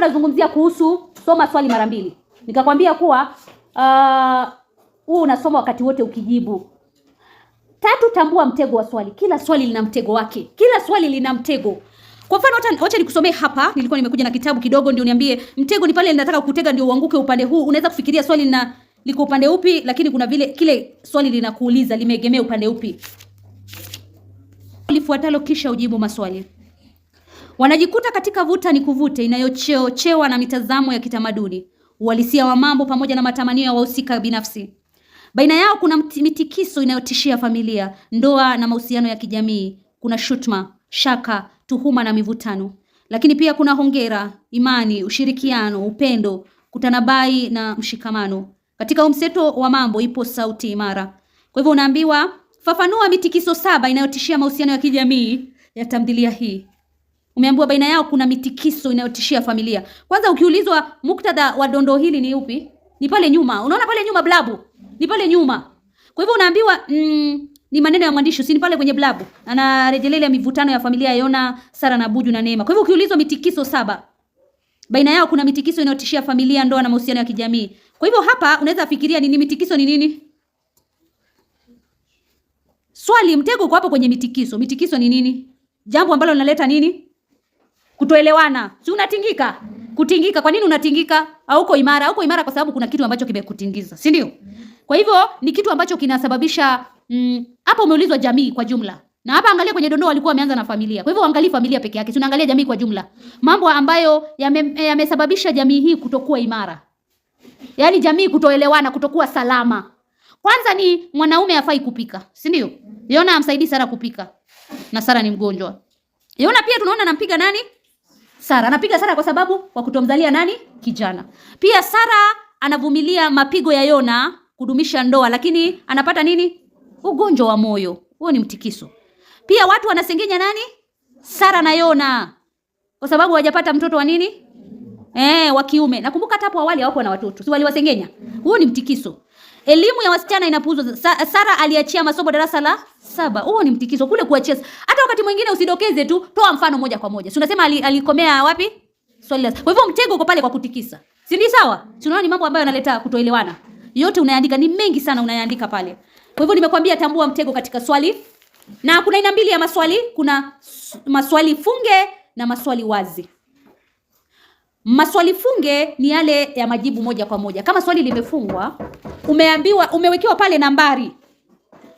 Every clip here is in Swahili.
Nazungumzia kuhusu soma swali mara mbili, nikakwambia kuwa uh, huu uh, unasoma wakati wote ukijibu. Tatu, tambua mtego wa swali. Kila swali lina mtego wake, kila swali lina mtego. Kwa mfano, acha nikusomee hapa. Nilikuwa nimekuja na kitabu kidogo, ndio niambie mtego ni pale ninataka kutega, ndio uanguke upande huu. Unaweza kufikiria swali lina liko upande upi, lakini kuna vile kile swali linakuuliza limeegemea upande upi. Lifuatalo kisha ujibu maswali. Wanajikuta katika vuta ni kuvute inayochochewa na mitazamo ya kitamaduni, uhalisia wa mambo, pamoja na matamanio ya wahusika binafsi. Baina yao kuna mitikiso inayotishia familia, ndoa na mahusiano ya kijamii. Kuna shutuma, shaka, tuhuma na mivutano, lakini pia kuna hongera, imani, ushirikiano, upendo, kutanabai na mshikamano. Katika umseto wa mambo ipo sauti imara. Kwa hivyo unaambiwa fafanua mitikiso saba inayotishia mahusiano ya kijamii ya tamthilia hii. Umeambiwa baina yao kuna mitikiso inayotishia familia. Kwanza ukiulizwa muktadha wa dondoo hili ni upi? Ni pale nyuma. Unaona pale nyuma blabu? Ni pale nyuma. Kwa hivyo unaambiwa mm, ni maneno ya mwandishi si ni pale kwenye blabu. Anarejelea mivutano ya familia ya Yona, Sara na Buju na Neema. Kwa hivyo ukiulizwa mitikiso saba. Baina yao kuna mitikiso inayotishia familia, ndoa na mahusiano ya kijamii. Kwa hivyo hapa unaweza fikiria ni mitikiso ni nini? Swali mtego uko hapo kwenye mitikiso. Mitikiso ni nini? Jambo ambalo linaleta nini? kutoelewana, si unatingika? Kutingika. Kwa nini unatingika? Hauko imara, hauko imara kwa sababu kuna kitu ambacho kimekutingiza, si ndio? Kwa hivyo ni kitu ambacho kinasababisha mm, hapa mm, umeulizwa jamii kwa jumla. Na hapa angalia kwenye dondoo walikuwa wameanza na familia. Kwa hivyo angalia familia peke yake. Tunaangalia jamii kwa jumla. Mambo ambayo yamesababisha yame jamii hii kutokuwa imara. Yaani jamii kutoelewana, kutokuwa salama. Kwanza ni mwanaume afai kupika, si ndio? Yona amsaidii Sara kupika. Na Sara ni mgonjwa. Yona pia tunaona anampiga nani? Sara anapiga Sara kwa sababu kwa kutomzalia nani kijana. Pia Sara anavumilia mapigo ya Yona kudumisha ndoa, lakini anapata nini? Ugonjwa wa moyo. Huo ni mtikiso. Pia watu wanasengenya nani? Sara na Yona kwa sababu hawajapata mtoto wa nini? Eh, wa kiume. Nakumbuka hata hapo awali hawakuwa na watoto. Si waliwasengenya? Huo ni mtikiso. Elimu ya wasichana inapuuzwa. Sara aliachia masomo darasa la saba. Huo ni mtikiso kule kuachia. Hata wakati mwingine usidokeze tu, toa mfano moja kwa moja. Si unasema alikomea ali wapi? Swali la. Kwa hivyo mtego uko pale kwa kutikisa. Si ni sawa? Si unaona ni mambo ambayo yanaleta kutoelewana. Yote unayaandika ni mengi sana unayaandika pale. Kwa hivyo nimekwambia tambua mtego katika swali. Na kuna aina mbili ya maswali, kuna maswali funge na maswali wazi. Maswali funge ni yale ya majibu moja kwa moja. Kama swali limefungwa, umeambiwa umewekewa pale nambari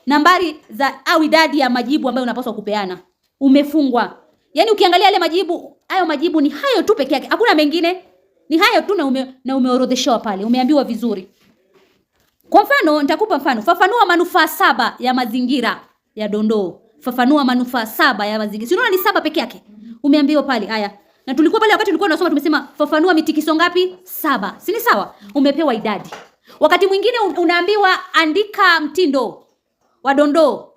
nambari za au idadi ya majibu ambayo unapaswa kupeana umefungwa. Yaani ukiangalia yale majibu, hayo majibu ni hayo tu peke yake, hakuna mengine, ni hayo tu na, ume, na umeorodheshwa pale, umeambiwa vizuri. Kwa mfano, nitakupa mfano. Fafanua manufaa saba ya mazingira ya Dondoo. Fafanua manufaa saba ya mazingira. Si unaona ni saba peke yake? Umeambiwa pale. Haya. Na tulikuwa pale wakati tulikuwa tunasoma tumesema fafanua mitikiso ngapi? Saba. Si ni sawa? Umepewa idadi. Wakati mwingine unaambiwa andika mtindo wadondoo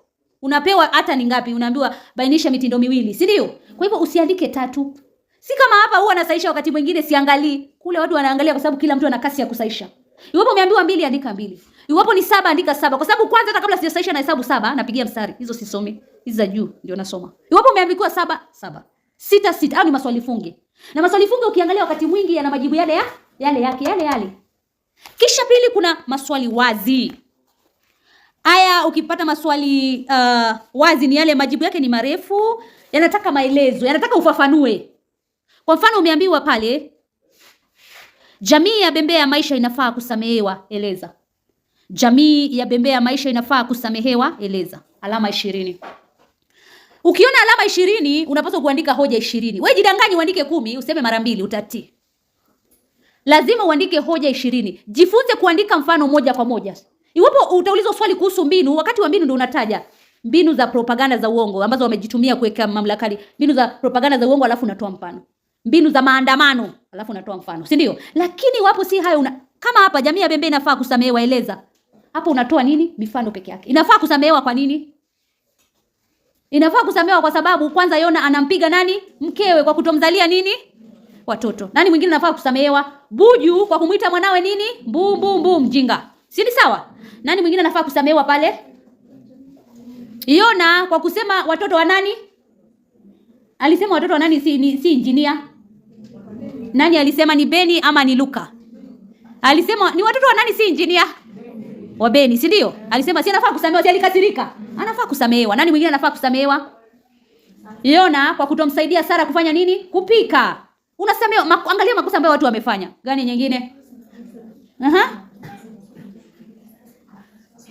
unapewa hata ni ngapi, unaambiwa bainisha mitindo miwili, si ndio? Kwa hivyo usiandike tatu. Si kama hapa huwa nasaisha wakati mwingine siangalii, kule watu wanaangalia kwa sababu kila mtu ana kasi ya kusaisha. Iwapo umeambiwa mbili, andika mbili. Iwapo ni saba, andika saba, kwa sababu kwanza, hata kabla sijasaisha na hesabu saba napigia mstari, hizo sisomi, hizo za juu ndio nasoma. Iwapo umeambiwa saba, saba, sita, sita, au ni maswali funge. Na maswali funge ukiangalia wakati mwingi yana majibu yale ya yale yake yale yale. Kisha pili, kuna maswali wazi. Haya, ukipata maswali uh, wazi ni yale majibu yake ni marefu, yanataka maelezo, yanataka ufafanue. Kwa mfano umeambiwa pale, jamii ya Bembea ya Maisha inafaa kusamehewa, eleza. Jamii ya Bembea ya Maisha inafaa kusamehewa, eleza. Alama ishirini. Ukiona alama ishirini unapaswa kuandika hoja ishirini. Wewe jidanganyi uandike kumi, useme mara mbili utati Lazima uandike hoja ishirini. Jifunze kuandika mfano moja kwa moja. Iwapo utaulizwa swali kuhusu mbinu, wakati wa mbinu ndio unataja mbinu za propaganda za uongo ambazo wamejitumia kuweka mamlakani, mbinu za propaganda za uongo, alafu unatoa mfano, mbinu za maandamano, alafu unatoa mfano, si ndio? Lakini iwapo si hayo una, kama hapa jamii ya Bembe inafaa kusamehewa, eleza hapo, unatoa nini? Mifano peke yake. Inafaa kusamehewa kwa nini? Inafaa kusamehewa kwa sababu kwanza Yona anampiga nani? Mkewe kwa kutomzalia nini? Watoto. Nani mwingine anafaa kusamehewa? Buju kwa kumuita mwanawe nini? Mbumbu mbu mjinga. Si ni sawa? Nani mwingine anafaa kusamehewa pale? Yona kwa kusema watoto wa nani? Alisema watoto wa nani si ni, si injinia? Nani alisema ni Beni ama ni Luka? Alisema ni watoto wa nani si injinia? Wa Beni, si ndio? Alisema si anafaa kusamehewa, si alikasirika. Anafaa kusamehewa. Nani mwingine anafaa kusamehewa? Yona kwa kutomsaidia Sara kufanya nini? Kupika. Unasamehewa. Angalia makosa ambayo watu wamefanya. Gani nyingine? Aha. Uh -huh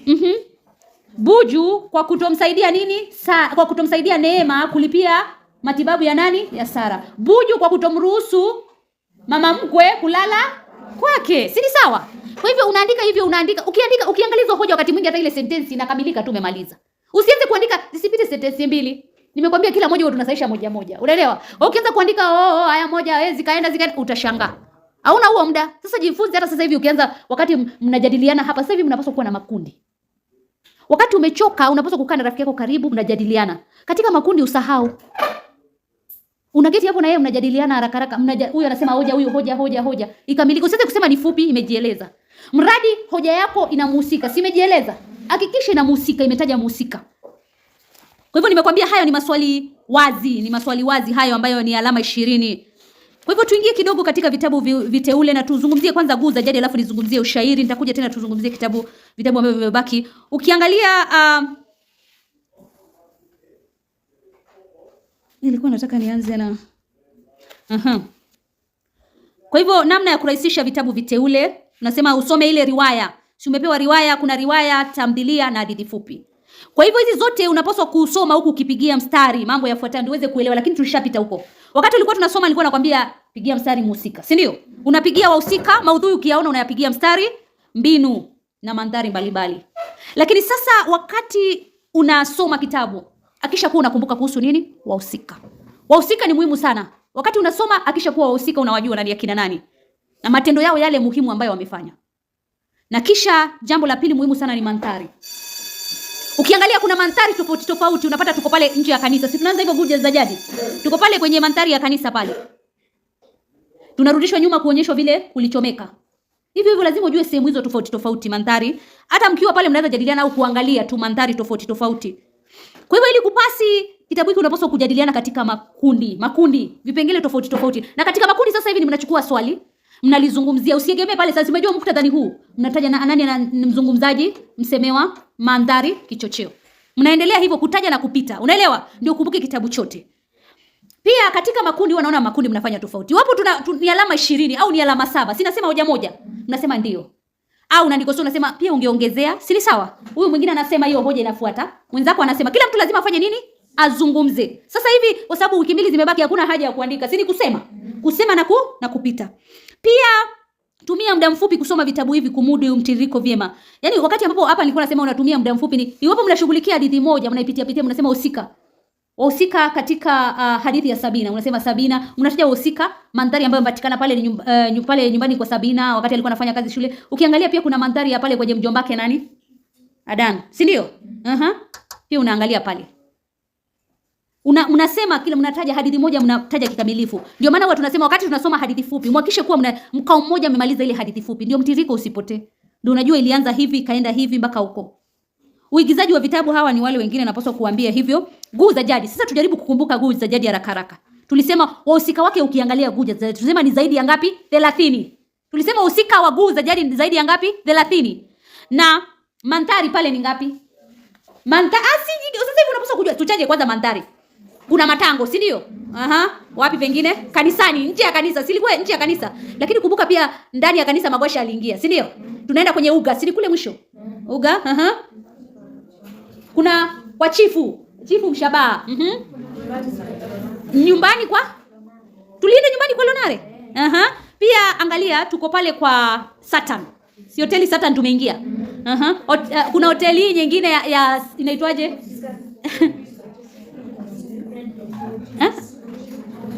mm -hmm. Buju kwa kutomsaidia nini? Sa, kwa kutomsaidia Neema kulipia matibabu ya nani? Ya Sara. Buju kwa kutomruhusu mama mkwe kulala kwake, si ni sawa? Kwa hivyo unaandika hivyo, unaandika ukiandika, ukiangalizwa hoja, wakati mwingi hata ile sentensi inakamilika tu, umemaliza. Usianze kuandika zisipite sentensi mbili. Nimekwambia kila moja tunasaisha moja moja, unaelewa? Ukianza kuandika oh, oh, oh haya moja eh, zikaenda zikaenda, utashangaa hauna huo muda. Sasa jifunze hata sasa hivi, ukianza wakati mnajadiliana hapa sasa hivi, mnapaswa kuwa na makundi. Wakati umechoka, unapaswa kukaa na rafiki yako karibu, mnajadiliana. Katika makundi usahau. Unageti hapo na yeye mnajadiliana haraka haraka, mnaja huyu anasema hoja, huyu hoja, hoja, hoja. Ikamilika. Usiweze kusema ni fupi, imejieleza. Mradi hoja yako inamhusika, si imejieleza. Hakikisha inamhusika, imetaja mhusika. Kwa hivyo nimekwambia hayo ni maswali wazi, ni maswali wazi hayo ambayo ni alama ishirini. Kwa hivyo tuingie kidogo katika vitabu viteule na tuzungumzie kwanza Nguu za Jadi alafu nizungumzie ushairi. Nitakuja tena tuzungumzie kitabu vitabu ambavyo vimebaki. Ukiangalia uh, nilikuwa nataka nianze na Aha. Kwa hivyo namna ya kurahisisha vitabu viteule, unasema usome ile riwaya. Si umepewa riwaya, kuna riwaya, tamthilia na hadithi fupi. Kwa hivyo hizi zote unapaswa kusoma huku ukipigia mstari mambo yafuatayo ndio uweze kuelewa, lakini tulishapita huko. Wakati ulikuwa tunasoma nilikuwa nakwambia pigia mstari mhusika, si ndio? Unapigia wahusika, maudhui ukiyaona unayapigia mstari, mbinu na mandhari mbalimbali. Lakini sasa wakati unasoma kitabu, akisha kuwa unakumbuka kuhusu nini? Wahusika. Wahusika ni muhimu sana. Wakati unasoma akisha kuwa wahusika unawajua nani akina nani na matendo yao yale muhimu ambayo wamefanya. Na kisha jambo la pili muhimu sana ni mandhari. Ukiangalia kuna mandhari tofauti tofauti, unapata tuko pale nje ya kanisa. Si tunaanza hivyo guje za jadi, tuko pale kwenye mandhari ya kanisa pale, tunarudishwa nyuma kuonyeshwa vile kulichomeka. Hivyo hivyo lazima ujue sehemu hizo tofauti tofauti, mandhari. Hata mkiwa pale mnaweza jadiliana au kuangalia tu mandhari tofauti tofauti. Kwa hivyo ili kupasi kitabu hiki unapaswa kujadiliana katika makundi, makundi, vipengele tofauti tofauti. Na katika makundi sasa hivi ni mnachukua swali mnalizungumzia, usiegemee pale sasa. Umejua muktadha huu, mnataja na nani na mzungumzaji, msemewa, mandhari, kichocheo. Mnaendelea hivyo kutaja na kupita, unaelewa? Ndio kumbuke kitabu chote. Pia katika makundi huwa naona makundi mnafanya tofauti. Wapo tuna, tuna ni alama 20 au ni alama saba. Si nasema hoja moja. Mnasema ndio. Au sio unasema pia ungeongezea. Si ni sawa? Huyu mwingine anasema hiyo hoja inafuata. Mwenzako anasema kila mtu lazima afanye nini? Azungumze. Sasa hivi kwa sababu wiki mbili zimebaki hakuna haja ya kuandika. Si ni kusema. Kusema na ku, na kupita. Pia tumia muda mfupi kusoma vitabu hivi kumudu mtiririko vyema. Yaani wakati ambapo hapa nilikuwa nasema unatumia muda mfupi ni iwapo mnashughulikia hadithi moja, mnaipitia pitia, mnasema usika. Wahusika katika uh, hadithi ya Sabina, unasema Sabina, unataja wahusika, mandhari ambayo inapatikana pale ni uh, nyum, uh, pale nyumbani kwa Sabina wakati alikuwa anafanya kazi shule. Ukiangalia pia kuna mandhari ya pale kwenye mjombake nani? Adan, si ndio? Mhm. Uh -huh. Pia unaangalia pale. Una, unasema kile mnataja hadithi moja mnataja kikamilifu. Ndio maana watu nasema wakati tunasoma hadithi fupi, mhakikishe kuwa mna mkao mmoja amemaliza ile hadithi fupi. Ndio mtiriko usipotee. Ndio unajua ilianza hivi kaenda hivi mpaka huko. Uigizaji wa vitabu hawa ni wale wengine napaswa kuambia hivyo. Guu za jadi. Sasa tujaribu kukumbuka guu za jadi haraka haraka. Tulisema wahusika wake ukiangalia guu za jadi tulisema ni zaidi ya ngapi? 30. Tulisema wahusika wa guu za jadi ni zaidi ya ngapi? 30. Na mandhari pale ni ngapi? Mandhari ah, asiji. sasa hivi unapaswa kujua tuchaje kwanza mandhari kuna matango, si ndio? Aha, wapi pengine? Kanisani, nje ya kanisa, si ilikuwa nje ya kanisa. Lakini kumbuka pia ndani ya kanisa magosha aliingia, si ndio? Tunaenda kwenye uga, si kule mwisho. Uga, aha. Kuna kwa chifu, chifu Mshabaha. Mhm. Mm nyumbani kwa tulienda nyumbani kwa Lonare. Aha. Pia angalia tuko pale kwa Satan. Si hoteli Satan tumeingia. Aha. Ot, uh, kuna hoteli nyingine ya, ya inaitwaje?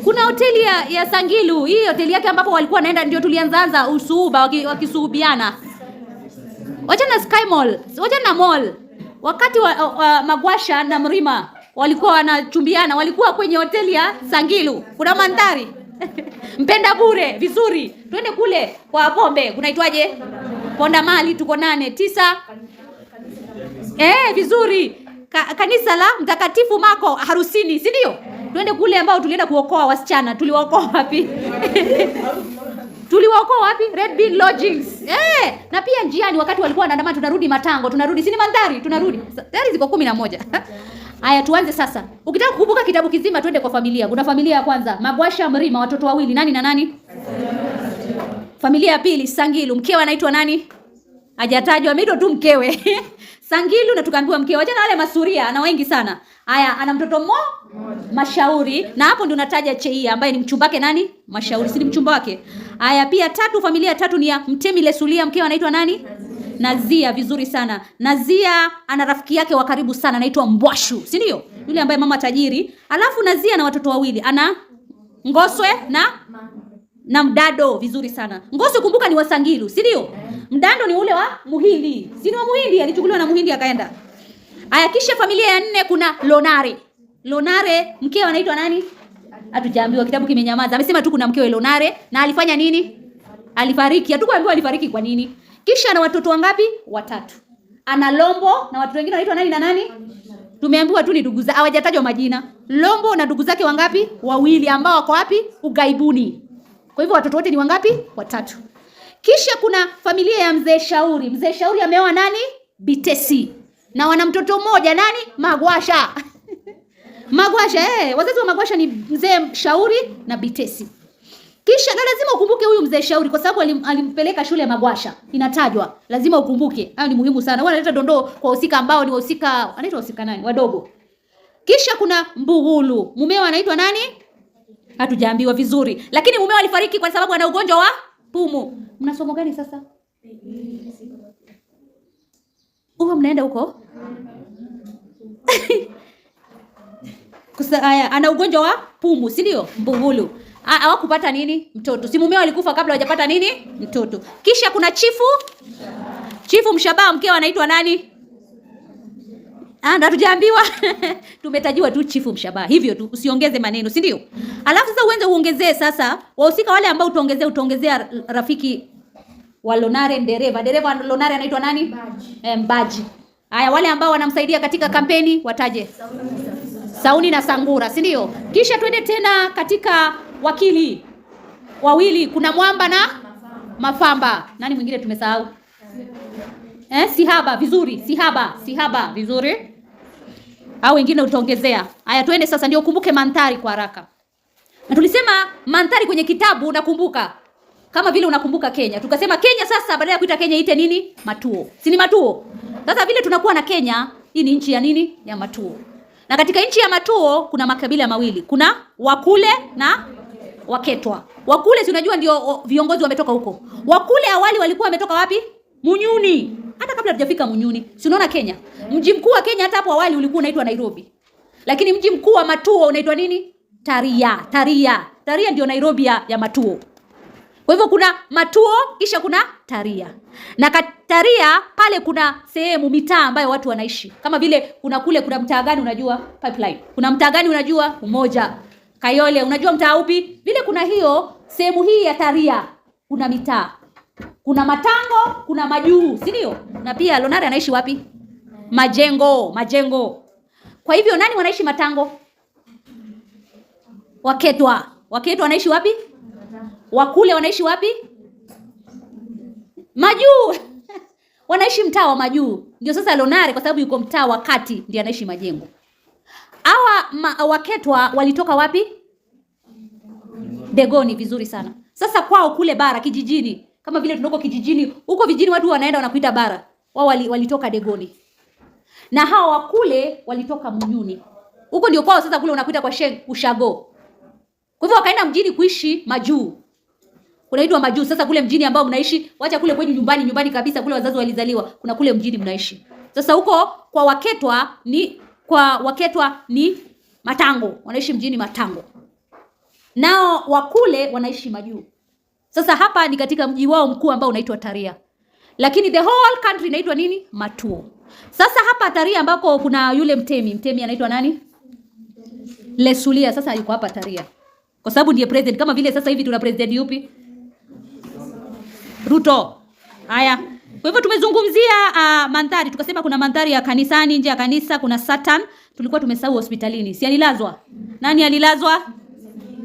Kuna hoteli ya, ya Sangilu, hii hoteli yake ambapo walikuwa naenda ndio tulianzaanza usuuba wakisuhubiana waki wacha na Sky Mall, wacha na mall. Wakati wa, wa, Magwasha na Mrima walikuwa wanachumbiana, walikuwa kwenye hoteli ya Sangilu. Kuna mandhari mpenda bure vizuri, twende kule kwa pombe kunaitwaje, Ponda Mali. Tuko nane tisa, eh, vizuri. Ka, kanisa la Mtakatifu Mako harusini, si ndio? tuende kule ambao tulienda kuokoa wasichana, tuliwaokoa wapi? Tuliwaokoa wapi? Red Bean Lodgings. Eh, na pia njiani wakati walikuwa wanaandamana tunarudi Matango, tunarudi sini mandhari, tunarudi. Tayari ziko kumi na moja. Haya tuanze sasa. Ukitaka kukumbuka kitabu kizima twende kwa familia. Kuna familia ya kwanza, Magwasha Mrima, watoto wawili, nani na nani? Familia ya pili, Sangilu, mkewe anaitwa nani? Hajatajwa, ameitwa tu mkewe. Sangilu na tukaambiwa mke wa jana wale masuria na wengi sana. Haya, ana mtoto mo Mashauri na hapo ndio nataja Cheia ambaye ni mchumbake nani? Mashauri, si mchumba wake. Haya, pia tatu, familia tatu ni ya Mtemi Lesulia, mke anaitwa nani? Nazia. Vizuri sana. Nazia ana rafiki yake wa karibu sana anaitwa Mbwashu, si ndio? Yule ambaye mama tajiri. Alafu Nazia na watoto wawili, ana Ngoswe na na Mdado. Vizuri sana. Ngoswe kumbuka ni Wasangilu, si ndio? Mdando ni ule wa Muhindi, si wa Muhindi, alichukuliwa na Muhindi akaenda. Aya, kisha familia ya nne kuna Lonare. Lonare mkeo anaitwa nani? Hatujaambiwa, kitabu kimenyamaza. Amesema tu kuna mkewe Lonare na alifanya nini? Alifariki. Hatukuambiwa alifariki kwa nini. Kisha ana watoto wangapi? Watatu. Ana Lombo na watoto wengine wanaitwa nani na nani? Tumeambiwa tu ni ndugu zake, hawajatajwa majina. Lombo na ndugu zake wangapi? Wawili, ambao wako wapi? Ugaibuni. Kwa hivyo watoto wote ni wangapi? Watatu. Kisha kuna familia ya mzee Shauri. Mzee Shauri ameoa nani? Bitesi, na wana mtoto mmoja nani? Magwasha Magwasha eh, wazazi wa Magwasha ni mzee Shauri na Bitesi. Kisha na lazima ukumbuke huyu mzee Shauri kwa sababu alimpeleka shule ya Magwasha. Inatajwa. Lazima ukumbuke. Hayo ni muhimu sana. Wao analeta dondoo kwa wahusika ambao ni wahusika, anaitwa wahusika nani? Wadogo. Kisha kuna Mbugulu. Mumeo anaitwa nani? Hatujaambiwa vizuri. Lakini mumeo alifariki kwa sababu ana ugonjwa wa pumu. Mna somo gani sasa? Uwa mnaenda huko? Kusa aya, ana ugonjwa wa pumu, si ndio? Mbuhulu. Hawakupata nini? Mtoto. Si mumeo alikufa kabla hajapata nini? Mtoto. Kisha kuna chifu Chifu Mshabaha, mkeo anaitwa nani? Ah, na tujaambiwa tumetajiwa tu Chifu Mshabaha, hivyo tu, usiongeze maneno, si ndio? Alafu sasa uanze uongezee sasa wahusika wale ambao utaongezea, utaongezea rafiki wa Lonare, dereva dereva Lonare anaitwa nani? Mbaji. E, Mbaji. Haya, wale ambao wanamsaidia katika kampeni wataje? Sauni na Sangura, si ndio? Kisha twende tena katika wakili wawili, kuna Mwamba na Mafamba. Nani mwingine tumesahau? Eh, sihaba vizuri, sihaba, sihaba vizuri. Au wengine utaongezea. Haya, twende sasa ndio ukumbuke mandhari kwa haraka. Na tulisema mandhari kwenye kitabu unakumbuka. Kama vile unakumbuka Kenya. Tukasema Kenya sasa badala ya kuita Kenya ite nini? Matuo. Si ni matuo? Sasa vile tunakuwa na Kenya, hii ni nchi ya nini? Ya matuo. Na katika nchi ya matuo kuna makabila mawili. Kuna Wakule na Waketwa. Wakule si unajua ndio viongozi wametoka huko. Wakule awali walikuwa wametoka wapi? Munyuni. Hata kabla hatujafika Munyuni, si unaona Kenya? Mji mkuu wa Kenya hata hapo awali ulikuwa unaitwa Nairobi. Lakini mji mkuu wa Matuo unaitwa nini? Taria, Taria. Taria ndio Nairobi ya, ya Matuo. Kwa hivyo kuna Matuo kisha kuna Taria. Na Taria pale kuna sehemu mitaa ambayo watu wanaishi. Kama vile kuna kule kuna mtaa gani unajua? Pipeline. Kuna mtaa gani unajua? Umoja. Kayole unajua mtaa upi? Vile kuna hiyo sehemu hii ya Taria kuna mitaa kuna Matango, kuna Majuu, si ndio? Na pia Lonare anaishi wapi? Majengo, Majengo. Kwa hivyo nani wanaishi Matango? Waketwa. Waketwa wanaishi wapi? Wakule wanaishi wapi? Majuu. wanaishi mtaa wa Majuu. Ndio sasa Lonare kwa sababu yuko mtaa wa kati ndio anaishi Majengo. Hawa ma, Waketwa walitoka wapi? Degoni, vizuri sana. Sasa kwao kule bara kijijini kama vile tunako kijijini huko vijijini, watu wanaenda wanakuita bara. Wao walitoka wali Degoni na hawa wakule walitoka Munyuni, huko ndio kwao. Sasa kule unakuita kwa sheng ushago. Kwa hivyo wakaenda mjini kuishi majuu, kunaitwa majuu. Sasa kule mjini ambao mnaishi, wacha kule kwenye nyumbani, nyumbani kabisa kule wazazi walizaliwa, kuna kule mjini mnaishi. Sasa huko kwa waketwa ni kwa waketwa ni matango, wanaishi mjini matango, nao wakule wanaishi majuu. Sasa hapa ni katika mji wao mkuu ambao unaitwa Taria, lakini the whole country inaitwa nini? Matuo. Sasa hapa Taria ambako kuna yule mtemi, mtemi anaitwa nani? Lesulia. Sasa yuko hapa Taria kwa sababu ndiye president. Kama vile sasa hivi tuna president yupi? Ruto. Haya, kwa hivyo tumezungumzia uh, mandhari, tukasema kuna mandhari ya kanisani, nje ya kanisa kuna Satan, tulikuwa tumesahau hospitalini, si alilazwa nani? Alilazwa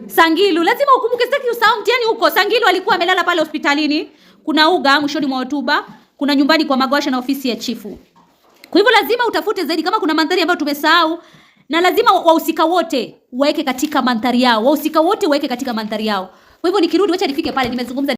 Sangilu lazima ukumbuke, sitaki usahau mtihani huko. Sangilu alikuwa amelala pale hospitalini, kuna uga mwishoni mwa hotuba, kuna nyumbani kwa Magwasha na ofisi ya chifu. Kwa hivyo lazima utafute zaidi kama kuna mandhari ambayo tumesahau, na lazima wahusika wote waweke katika mandhari yao, wahusika wote waweke katika mandhari yao. Kwa hivyo nikirudi, wacha nifike pale, nimezungumza